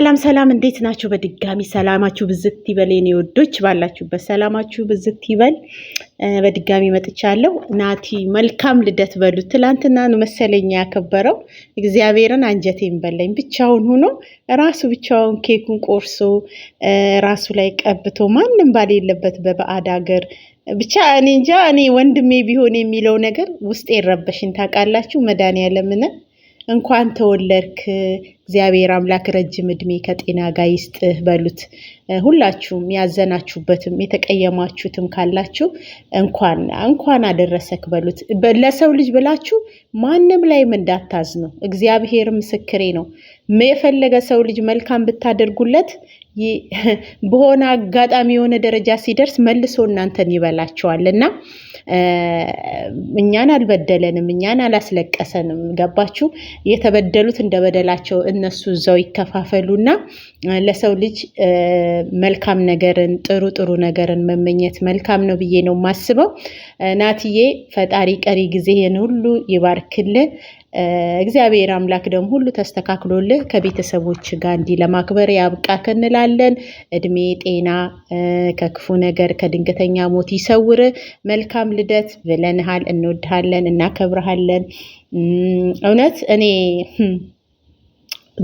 ሰላም ሰላም፣ እንዴት ናቸው? በድጋሚ ሰላማችሁ ብዝት ይበል የኔ ወዶች፣ ባላችሁበት ሰላማችሁ ብዝት ይበል። በድጋሚ መጥቻለሁ። ናቲ መልካም ልደት በሉት። ትላንትና ነው መሰለኝ ያከበረው። እግዚአብሔርን አንጀቴን በላኝ። ብቻውን ሆኖ ራሱ ብቻውን ኬኩን ቆርሶ ራሱ ላይ ቀብቶ ማንም ባሌለበት በባዕድ ሀገር ብቻ እኔ እንጃ እኔ ወንድሜ ቢሆን የሚለው ነገር ውስጤ ረበሽን ታውቃላችሁ። መድኃኒዓለምን እንኳን ተወለድክ እግዚአብሔር አምላክ ረጅም እድሜ ከጤና ጋር ይስጥህ በሉት። ሁላችሁም ያዘናችሁበትም የተቀየማችሁትም ካላችሁ እንኳን እንኳን አደረሰክ በሉት። ለሰው ልጅ ብላችሁ ማንም ላይም እንዳታዝኑ ነው። እግዚአብሔር ምስክሬ ነው። የፈለገ ሰው ልጅ መልካም ብታደርጉለት በሆነ አጋጣሚ የሆነ ደረጃ ሲደርስ መልሶ እናንተን ይበላቸዋል እና እኛን አልበደለንም፣ እኛን አላስለቀሰንም። ገባችሁ? የተበደሉት እንደበደላቸው እነሱ እዛው ይከፋፈሉና ለሰው ልጅ መልካም ነገርን ጥሩ ጥሩ ነገርን መመኘት መልካም ነው ብዬ ነው የማስበው። ናትዬ ፈጣሪ ቀሪ ጊዜህን ሁሉ ይባርክልህ። እግዚአብሔር አምላክ ደግሞ ሁሉ ተስተካክሎልህ ከቤተሰቦች ጋር እንዲህ ለማክበር ያብቃህ እንላለን። እድሜ ጤና፣ ከክፉ ነገር ከድንገተኛ ሞት ይሰውር። መልካም ልደት ብለንሃል። እንወድሃለን፣ እናከብረሃለን። እውነት እኔ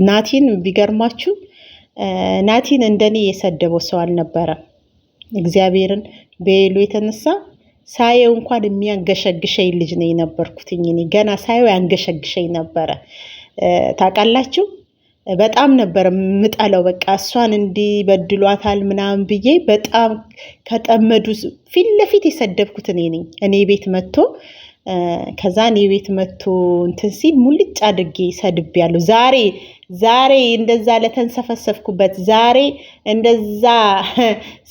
ናቲን ቢገርማችሁ ናቲን እንደኔ የሰደበው ሰው አልነበረም። እግዚአብሔርን በሌሉ የተነሳ ሳየው እንኳን የሚያንገሸግሸኝ ልጅ ነው የነበርኩትኝ። እኔ ገና ሳየው ያንገሸግሸኝ ነበረ። ታውቃላችሁ፣ በጣም ነበር የምጠለው። በቃ እሷን እንዲህ በድሏታል ምናምን ብዬ በጣም ከጠመዱ ፊት ለፊት የሰደብኩት እኔ ነኝ። እኔ ቤት መጥቶ ከዛ እኔ ቤት መጥቶ እንትን ሲል ሙልጭ አድርጌ ያለው ዛሬ ዛሬ እንደዛ ለተንሰፈሰፍኩበት ዛሬ እንደዛ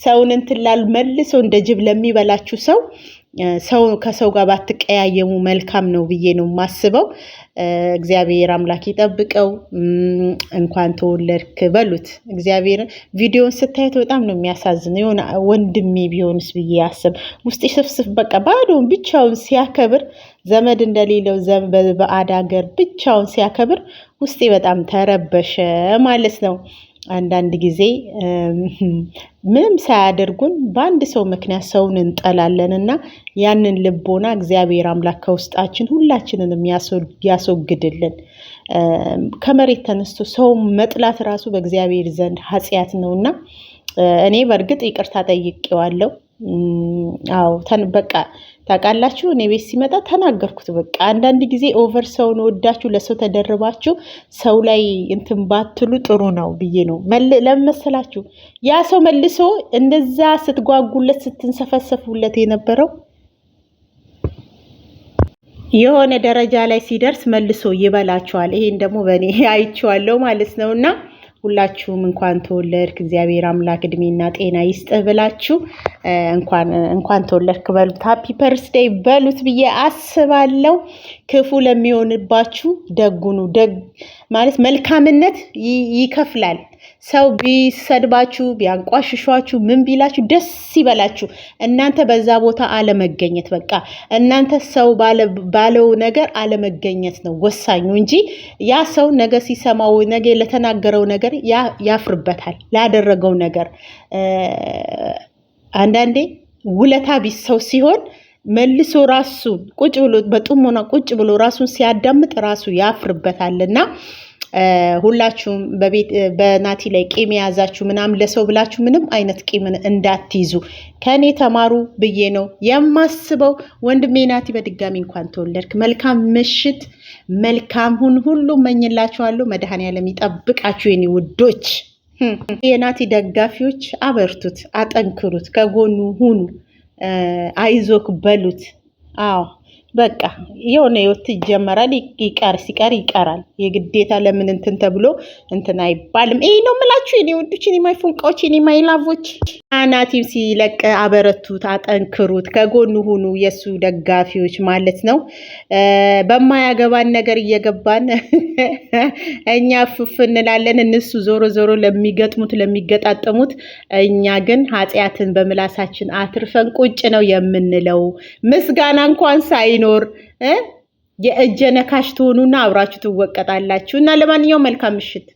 ሰውን እንትን ላሉ መልሶ እንደ ጅብ ለሚበላችሁ ሰው ሰው ከሰው ጋር ባትቀያየሙ መልካም ነው ብዬ ነው የማስበው። እግዚአብሔር አምላክ ይጠብቀው። እንኳን ተወለድክ በሉት። እግዚአብሔር ቪዲዮን ስታየት በጣም ነው የሚያሳዝነው። የሆነ ወንድሜ ቢሆንስ ብዬ ያስብ ውስጥ ስፍስፍ በቃ ባዶን ብቻውን ሲያከብር ዘመድ እንደሌለው በአድ ሀገር ብቻውን ሲያከብር ውስጤ በጣም ተረበሸ ማለት ነው። አንዳንድ ጊዜ ምንም ሳያደርጉን በአንድ ሰው ምክንያት ሰውን እንጠላለን እና ያንን ልቦና እግዚአብሔር አምላክ ከውስጣችን ሁላችንንም ያስወግድልን። ከመሬት ተነስቶ ሰው መጥላት ራሱ በእግዚአብሔር ዘንድ ኃጢአት ነው እና እኔ በእርግጥ ይቅርታ ጠይቄዋለሁ። አዎ በቃ ታውቃላችሁ እኔ ቤት ሲመጣ ተናገርኩት። በቃ አንዳንድ ጊዜ ኦቨር ሰውን ወዳችሁ ለሰው ተደርባችሁ ሰው ላይ እንትን ባትሉ ጥሩ ነው ብዬ ነው። ለመሰላችሁ ያ ሰው መልሶ እንደዛ ስትጓጉለት ስትንሰፈሰፉለት የነበረው የሆነ ደረጃ ላይ ሲደርስ መልሶ ይበላችኋል። ይሄን ደግሞ በእኔ አይቼዋለሁ ማለት ነው እና ሁላችሁም እንኳን ተወለድክ እግዚአብሔር አምላክ እድሜና ጤና ይስጥህ ብላችሁ እንኳን ተወለድክ በሉት፣ ሀፒ ፐርስዴይ በሉት ብዬ አስባለሁ። ክፉ ለሚሆንባችሁ ደጉኑ ማለት መልካምነት ይከፍላል። ሰው ቢሰድባችሁ፣ ቢያንቋሽሿችሁ፣ ምን ቢላችሁ ደስ ይበላችሁ። እናንተ በዛ ቦታ አለመገኘት በቃ እናንተ ሰው ባለው ነገር አለመገኘት ነው ወሳኙ እንጂ ያ ሰው ነገ ሲሰማው ነገ ለተናገረው ነገር ያፍርበታል። ላደረገው ነገር አንዳንዴ ውለታ ቢስ ሰው ሲሆን መልሶ ራሱ ቁጭ ብሎ በጥሞና ቁጭ ብሎ ራሱን ሲያዳምጥ ራሱ ያፍርበታልና ሁላችሁም በናቲ ላይ ቂም የያዛችሁ ምናምን ለሰው ብላችሁ ምንም አይነት ቂምን እንዳትይዙ ከእኔ ተማሩ ብዬ ነው የማስበው። ወንድሜ ናቲ በድጋሚ እንኳን ተወለድክ። መልካም ምሽት፣ መልካም ሁን ሁሉ መኝላችኋለሁ። መድኃኔዓለም ይጠብቃችሁ የኔ ውዶች። የናቲ ደጋፊዎች አበርቱት፣ አጠንክሩት፣ ከጎኑ ሁኑ። አይዞክ በሉት። አዎ በቃ የሆነ ህይወት ይጀመራል፣ ይቀር ሲቀር ይቀራል። የግዴታ ለምን እንትን ተብሎ እንትን አይባልም። ይህ ነው የምላችሁ የኔ ወዶች፣ የኔ ማይፎንቃዎች፣ የኔ ማይላቮች። ናቲም ሲለቅ አበረቱት፣ አጠንክሩት፣ ከጎኑ ሁኑ የእሱ ደጋፊዎች ማለት ነው። በማያገባን ነገር እየገባን እኛ ፍፍ እንላለን፣ እነሱ ዞሮ ዞሮ ለሚገጥሙት ለሚገጣጠሙት፣ እኛ ግን ኃጢአትን በምላሳችን አትርፈን ቁጭ ነው የምንለው ምስጋና እንኳን ሳይኖ የሚኖር የእጀ ነካሽ ትሆኑና አብራችሁ ትወቀጣላችሁ እና ለማንኛውም መልካም ምሽት።